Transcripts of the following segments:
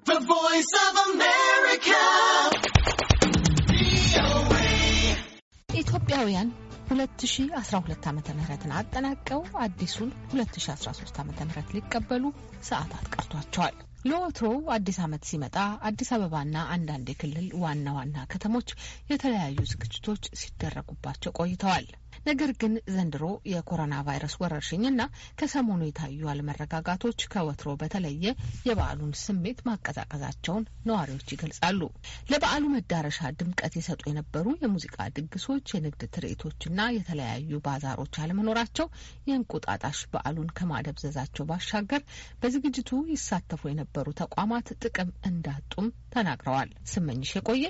The Voice of America. ኢትዮጵያውያን 2012 ዓ ምህረትን አጠናቀው አዲሱን 2013 ዓ ምህረት ሊቀበሉ ሰዓታት ቀርቷቸዋል። ለወትሮው አዲስ ዓመት ሲመጣ አዲስ አበባና አንዳንድ የክልል ዋና ዋና ከተሞች የተለያዩ ዝግጅቶች ሲደረጉባቸው ቆይተዋል። ነገር ግን ዘንድሮ የኮሮና ቫይረስ ወረርሽኝና ከሰሞኑ የታዩ አለመረጋጋቶች ከወትሮ በተለየ የበዓሉን ስሜት ማቀዛቀዛቸውን ነዋሪዎች ይገልጻሉ። ለበዓሉ መዳረሻ ድምቀት የሰጡ የነበሩ የሙዚቃ ድግሶች፣ የንግድ ትርኢቶችና የተለያዩ ባዛሮች አለመኖራቸው የእንቁጣጣሽ በዓሉን ከማደብዘዛቸው ባሻገር በዝግጅቱ ይሳተፉ የነበሩ ተቋማት ጥቅም እንዳጡም ተናግረዋል። ስመኝሽ የቆየ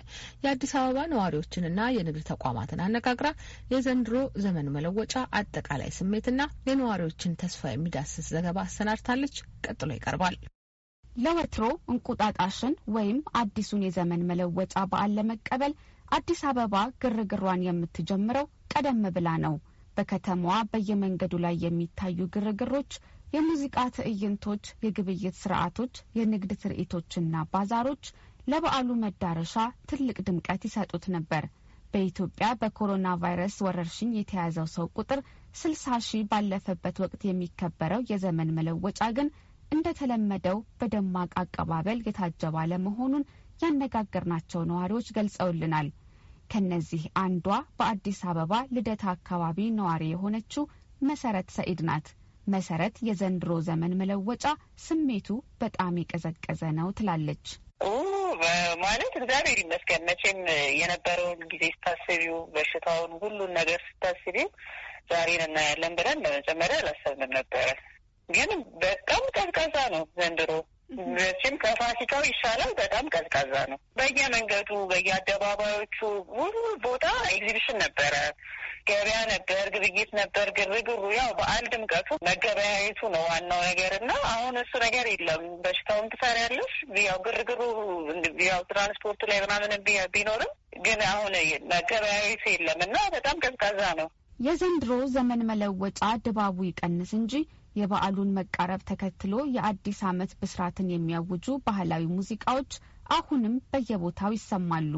የአዲስ አበባ ነዋሪዎችንና የንግድ ተቋማትን አነጋግራ የዘንድሮ ዘመን መለወጫ አጠቃላይ ስሜትና የነዋሪዎችን ተስፋ የሚዳስስ ዘገባ አሰናድታለች። ቀጥሎ ይቀርባል። ለወትሮ እንቁጣጣሽን ወይም አዲሱን የዘመን መለወጫ በዓል ለመቀበል አዲስ አበባ ግርግሯን የምትጀምረው ቀደም ብላ ነው። በከተማዋ በየመንገዱ ላይ የሚታዩ ግርግሮች፣ የሙዚቃ ትዕይንቶች፣ የግብይት ስርዓቶች፣ የንግድ ትርኢቶችና ባዛሮች ለበዓሉ መዳረሻ ትልቅ ድምቀት ይሰጡት ነበር። በኢትዮጵያ በኮሮና ቫይረስ ወረርሽኝ የተያዘው ሰው ቁጥር ስልሳ ሺህ ባለፈበት ወቅት የሚከበረው የዘመን መለወጫ ግን እንደተለመደው በደማቅ አቀባበል የታጀበ አለመሆኑን ያነጋገርናቸው ነዋሪዎች ገልጸውልናል። ከነዚህ አንዷ በአዲስ አበባ ልደታ አካባቢ ነዋሪ የሆነችው መሰረት ሰኢድ ናት። መሰረት የዘንድሮ ዘመን መለወጫ ስሜቱ በጣም የቀዘቀዘ ነው ትላለች። ማለት እግዚአብሔር ይመስገን መቼም የነበረውን ጊዜ ስታስቢው በሽታውን ሁሉን ነገር ስታስቢው ዛሬን እናያለን ብለን በመጀመሪያ አላሰብንም ነበረ። ግን በጣም ቀዝቃዛ ነው ዘንድሮ። መቼም ከፋሲካው ይሻላል። በጣም ቀዝቃዛ ነው። በየመንገዱ በየአደባባዮቹ ሁሉ ቦታ ኤግዚቢሽን ነበረ። ገበያ ነበር፣ ግብይት ነበር፣ ግርግሩ ያው በዓል ድምቀቱ መገበያየቱ ነው ዋናው ነገር እና አሁን እሱ ነገር የለም። በሽታውን ትሰሪያለሽ ያው ግርግሩ ያው ትራንስፖርቱ ላይ ምናምን ቢኖርም ግን አሁን መገበያየት የለም እና በጣም ቀዝቃዛ ነው። የዘንድሮ ዘመን መለወጫ ድባቡ ይቀንስ እንጂ የበዓሉን መቃረብ ተከትሎ የአዲስ ዓመት ብስራትን የሚያውጁ ባህላዊ ሙዚቃዎች አሁንም በየቦታው ይሰማሉ።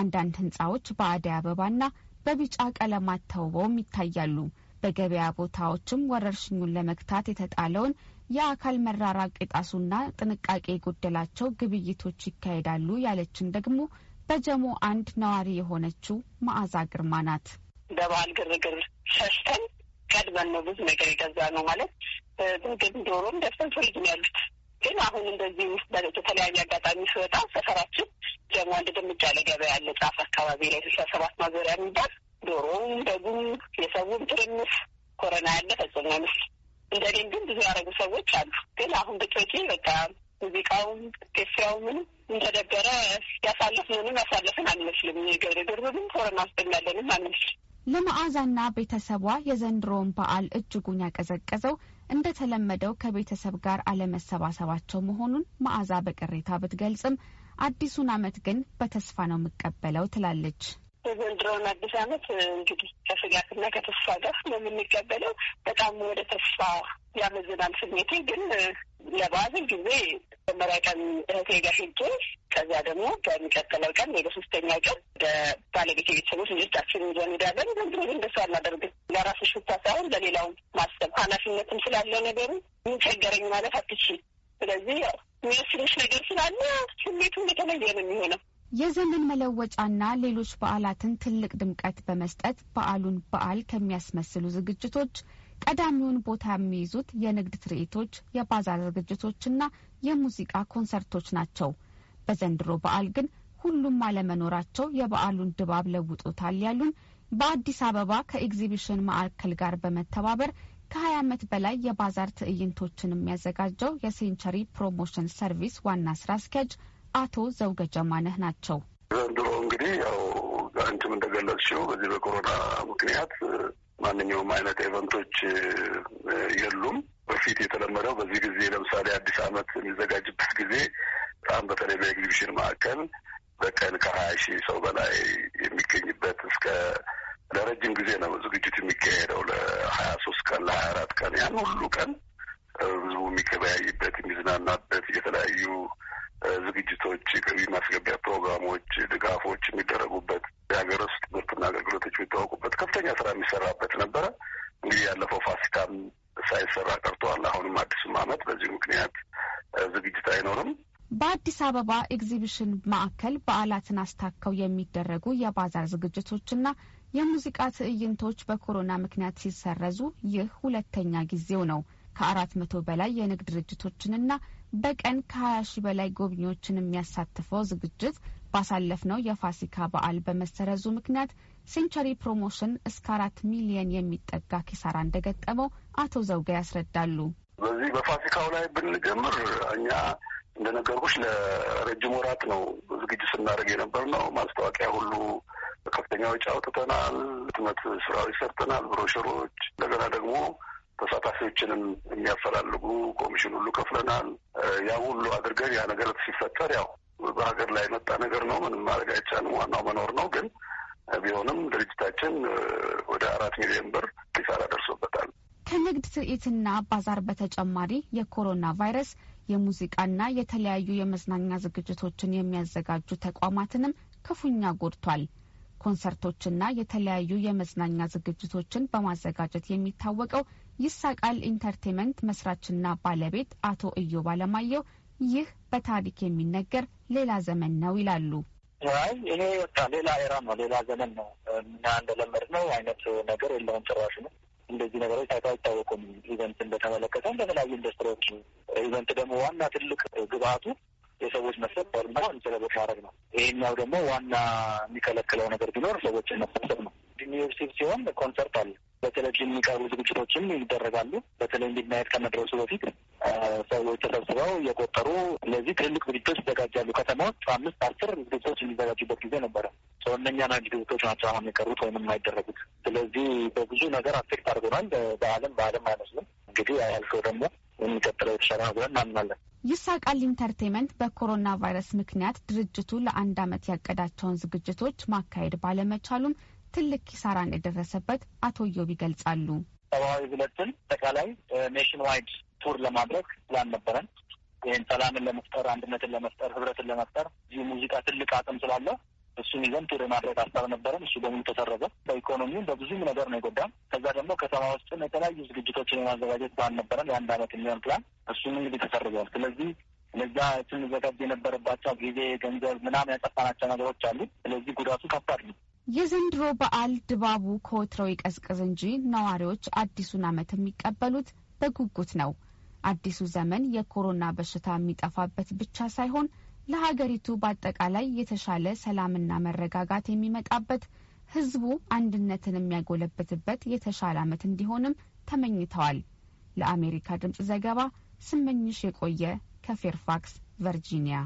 አንዳንድ ህንጻዎች በአደይ አበባና በቢጫ ቀለማት ተውበውም ይታያሉ። በገበያ ቦታዎችም ወረርሽኙን ለመግታት የተጣለውን የአካል መራራቅ የጣሱና ጥንቃቄ የጎደላቸው ግብይቶች ይካሄዳሉ ያለችን ደግሞ በጀሞ አንድ ነዋሪ የሆነችው መዓዛ ግርማ ናት። በባህል ግርግር ሸሽተን ቀድመን ነው ብዙ ነገር የገዛ ነው ማለት በግን ዶሮም ደፍተን ፍሪጅ ነው ያሉት ግን አሁን እንደዚህ ውስጥ በተለያየ አጋጣሚ ሲወጣ ሰፈራችን ደግሞ አንድ ድምጃ ለገበያ ያለ ጫፍ አካባቢ ላይ ስልሳ ሰባት ማዞሪያ የሚባል ዶሮውም ደጉም የሰውም ትርንስ ኮረና ያለ ፈጽሞ ምስል እንደኔም ግን ብዙ ያደረጉ ሰዎች አሉ። ግን አሁን ብትወጪ በቃ ሙዚቃውም ቴስራው ምንም እንደነበረ ያሳለፍንንም ያሳለፍን አንመስልም። የገብረ ድርብም ኮረና ውስጥ እንዳለንም አንመስልም። ለመዓዛና ቤተሰቧ የዘንድሮውን በዓል እጅጉን ያቀዘቀዘው እንደተለመደው ከቤተሰብ ጋር አለመሰባሰባቸው መሆኑን መዓዛ በቅሬታ ብትገልጽም አዲሱን ዓመት ግን በተስፋ ነው የምቀበለው ትላለች። የዘንድሮውን አዲስ ዓመት እንግዲህ ከስጋትና ከተስፋ ጋር ነው የምንቀበለው። በጣም ወደ ተስፋ ያመዝናል ስሜቴ። ግን ለበዓል ጊዜ መጀመሪያ ቀን እህቴ ጋር ሄጄ ከዚያ ደግሞ በሚቀጥለው ቀን ወደ ሶስተኛ ቀን ወደ ባለቤት ቤተሰቦች ልጆቻችን ይዘን እንሄዳለን። ዘንድሮ ግን እንደሱ አናደርግም። ለራስሽ ሽታ ሳይሆን ለሌላው ማሰብ ኃላፊነትም ስላለው ነገሩ ምንቸገረኝ ማለት አትችል። ስለዚህ ያው የሚወስንሽ ነገር ስላለ ስሜቱ የተለየ ነው የሚሆነው የዘመን መለወጫና ሌሎች በዓላትን ትልቅ ድምቀት በመስጠት በዓሉን በዓል ከሚያስመስሉ ዝግጅቶች ቀዳሚውን ቦታ የሚይዙት የንግድ ትርኢቶች፣ የባዛር ዝግጅቶችና የሙዚቃ ኮንሰርቶች ናቸው። በዘንድሮ በዓል ግን ሁሉም አለመኖራቸው የበዓሉን ድባብ ለውጦታል ያሉን በአዲስ አበባ ከኤግዚቢሽን ማዕከል ጋር በመተባበር ከሀያ ዓመት በላይ የባዛር ትዕይንቶችን የሚያዘጋጀው የሴንቸሪ ፕሮሞሽን ሰርቪስ ዋና ስራ አስኪያጅ አቶ ዘውገ ጀማነህ ናቸው። ዘንድሮ እንግዲህ ያው አንቺም እንደገለጽሽው በዚህ በኮሮና ምክንያት ማንኛውም አይነት ኤቨንቶች የሉም። በፊት የተለመደው በዚህ ጊዜ ለምሳሌ አዲስ አመት የሚዘጋጅበት ጊዜ በጣም በተለይ በኤግዚቢሽን ማዕከል በቀን ከሀያ ሺህ ሰው በላይ የሚገኝበት እስከ ለረጅም ጊዜ ነው ዝግጅት የሚካሄደው ለሀያ ሶስት ቀን ለሀያ አራት ቀን ያን ሁሉ ቀን ህዝቡ የሚገበያይበት፣ የሚዝናናበት የተለያዩ ዝግጅቶች፣ ገቢ ማስገቢያ ፕሮግራሞች፣ ድጋፎች የሚደረጉበት የሀገር ውስጥ ምርትና አገልግሎቶች የሚታወቁበት ከፍተኛ ስራ የሚሰራበት ነበረ። እንግዲህ ያለፈው ፋሲካም ሳይሰራ ቀርተዋል። አሁንም አዲሱም ዓመት በዚሁ ምክንያት ዝግጅት አይኖርም። በአዲስ አበባ ኤግዚቢሽን ማዕከል በዓላትን አስታከው የሚደረጉ የባዛር ዝግጅቶችና የሙዚቃ ትዕይንቶች በኮሮና ምክንያት ሲሰረዙ ይህ ሁለተኛ ጊዜው ነው። ከአራት መቶ በላይ የንግድ ድርጅቶችንና በቀን ከ20 ሺህ በላይ ጎብኚዎችን የሚያሳትፈው ዝግጅት ባሳለፍነው የፋሲካ በዓል በመሰረዙ ምክንያት ሴንቸሪ ፕሮሞሽን እስከ አራት ሚሊየን የሚጠጋ ኪሳራ እንደገጠመው አቶ ዘውጋ ያስረዳሉ። በዚህ በፋሲካው ላይ ብንጀምር እኛ እንደነገርኩሽ ለረጅም ወራት ነው ዝግጅት ስናደርግ የነበር ነው። ማስታወቂያ ሁሉ ከፍተኛ ወጪ አውጥተናል። ህትመት ስራዎች ሰርተናል፣ ብሮሸሮች እንደገና ደግሞ ተሳታፊዎችንም የሚያፈላልጉ ኮሚሽን ሁሉ ከፍለናል። ያ ሁሉ አድርገን ያ ነገር ሲፈጠር ያው በሀገር ላይ የመጣ ነገር ነው። ምንም ማድረግ አይቻልም። ዋናው መኖር ነው። ግን ቢሆንም ድርጅታችን ወደ አራት ሚሊዮን ብር ኪሳራ ደርሶበታል። ከንግድ ትርኢትና ባዛር በተጨማሪ የኮሮና ቫይረስ የሙዚቃና የተለያዩ የመዝናኛ ዝግጅቶችን የሚያዘጋጁ ተቋማትንም ክፉኛ ጎድቷል። ኮንሰርቶችና የተለያዩ የመዝናኛ ዝግጅቶችን በማዘጋጀት የሚታወቀው ይሳቃል ኢንተርቴንመንት መስራችና ባለቤት አቶ እዮብ አለማየሁ ይህ በታሪክ የሚነገር ሌላ ዘመን ነው ይላሉ። አይ ይሄ በቃ ሌላ ኤራ ነው፣ ሌላ ዘመን ነው እና እንደለመድ ነው አይነት ነገር የለውም ጭራሽ ነው። እንደዚህ ነገሮች ታይቶ አይታወቁም። ኢቨንትን በተመለከተ በተለያዩ ኢንዱስትሪዎች ኢቨንት ደግሞ ዋና ትልቅ ግብአቱ የሰዎች መሰብሰብ እና ሴሌብሬት ማድረግ ነው። ይሄኛው ደግሞ ዋና የሚከለክለው ነገር ቢኖር ሰዎችን መሰብሰብ ነው። ኒውሲቭ ሲሆን ኮንሰርት አለ በቴሌቪዥን የሚቀርቡ ዝግጅቶችም ይደረጋሉ። በተለይ እንዲናየት ከመድረሱ በፊት ሰዎች ተሰብስበው የቆጠሩ እነዚህ ትልልቅ ዝግጅቶች ይዘጋጃሉ። ከተማዎች አምስት አስር ዝግጅቶች የሚዘጋጁበት ጊዜ ነበረ። ሰውነኛ እነኛ ና ዝግጅቶች ናቸው አሁን የቀሩት ወይም የማይደረጉት። ስለዚህ በብዙ ነገር አፌክት አድርጎናል። በዓለም በዓለም አይመስልም እንግዲህ ያልከው ደግሞ የሚቀጥለው የተሻለ ብለን እናምናለን። ይሳቃል ኢንተርቴንመንት በኮሮና ቫይረስ ምክንያት ድርጅቱ ለአንድ ዓመት ያቀዳቸውን ዝግጅቶች ማካሄድ ባለመቻሉም ትልቅ ኪሳራ እንደደረሰበት አቶ ዮብ ይገልጻሉ። ሰብአዊ ብለትን አጠቃላይ ኔሽን ዋይድ ቱር ለማድረግ ፕላን ነበረን። ይህን ሰላምን ለመፍጠር አንድነትን ለመፍጠር ህብረትን ለመፍጠር እዚህ ሙዚቃ ትልቅ አቅም ስላለው እሱን ይዘን ቱር የማድረግ ሀሳብ ነበረን። እሱ በሙሉ ተሰረዘ። በኢኮኖሚውም በብዙም ነገር ነው የጎዳም። ከዛ ደግሞ ከተማ ውስጥም የተለያዩ ዝግጅቶችን የማዘጋጀት ባል ነበረን የአንድ አመት የሚሆን ፕላን፣ እሱም እንግዲህ ተሰርዟል። ስለዚህ ለዛ ስንዘጋጅ የነበረባቸው ጊዜ፣ ገንዘብ ምናምን ያጠፋናቸው ነገሮች አሉ። ስለዚህ ጉዳቱ ከባድ ነው። የዘንድሮ በዓል ድባቡ ከወትረው ይቀዝቅዝ እንጂ ነዋሪዎች አዲሱን ዓመት የሚቀበሉት በጉጉት ነው። አዲሱ ዘመን የኮሮና በሽታ የሚጠፋበት ብቻ ሳይሆን ለሀገሪቱ በአጠቃላይ የተሻለ ሰላምና መረጋጋት የሚመጣበት፣ ህዝቡ አንድነትን የሚያጎለብትበት የተሻለ ዓመት እንዲሆንም ተመኝተዋል። ለአሜሪካ ድምጽ ዘገባ ስመኝሽ የቆየ ከፌርፋክስ ቨርጂኒያ